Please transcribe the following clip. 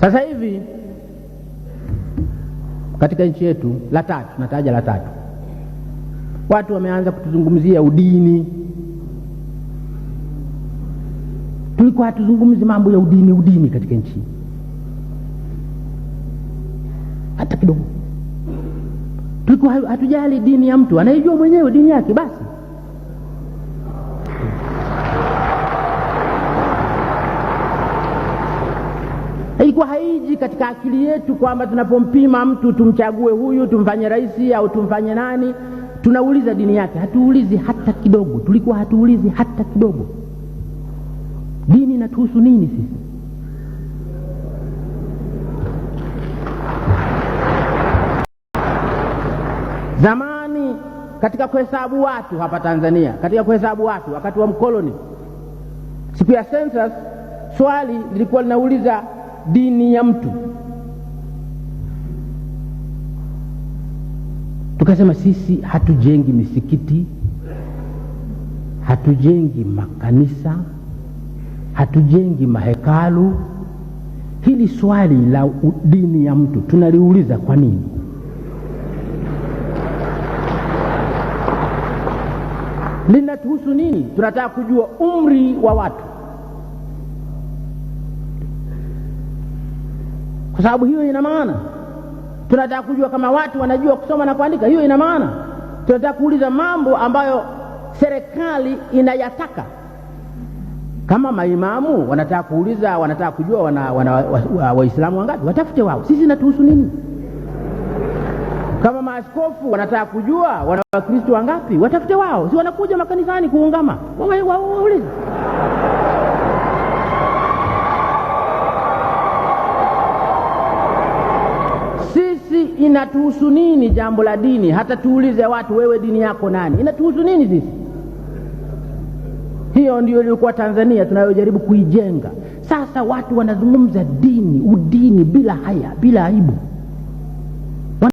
Sasa hivi katika nchi yetu, la tatu, nataja la tatu, watu wameanza kutuzungumzia udini. Tulikuwa hatuzungumzi mambo ya udini, udini katika nchi hata kidogo, tulikuwa hatujali dini ya mtu, anaijua mwenyewe dini yake basi ilikuwa haiji katika akili yetu kwamba tunapompima mtu tumchague huyu tumfanye rais au tumfanye nani tunauliza dini yake hatuulizi hata kidogo tulikuwa hatuulizi hata kidogo dini inatuhusu nini sisi zamani katika kuhesabu watu hapa tanzania katika kuhesabu watu wakati wa mkoloni siku ya census swali lilikuwa linauliza dini ya mtu. Tukasema sisi hatujengi misikiti, hatujengi makanisa, hatujengi mahekalu. Hili swali la dini ya mtu tunaliuliza kwa nini? Linatuhusu nini? Tunataka kujua umri wa watu kwa sababu hiyo ina maana tunataka kujua kama watu wanajua kusoma na kuandika, hiyo ina maana tunataka kuuliza mambo ambayo serikali inayataka. Kama maimamu wanataka kuuliza, wanataka kujua Waislamu wana, wana, wa, wa wangapi, watafute wao, sisi natuhusu nini? Kama maaskofu wanataka kujua wana Wakristo wangapi, watafute wao, si wanakuja makanisani kuungama, wa, wa, wa, wa, inatuhusu nini jambo la dini? Hata tuulize watu, wewe dini yako nani? Inatuhusu nini sisi? Hiyo ndio iliyokuwa Tanzania tunayojaribu kuijenga. Sasa watu wanazungumza dini, udini bila haya, bila aibu.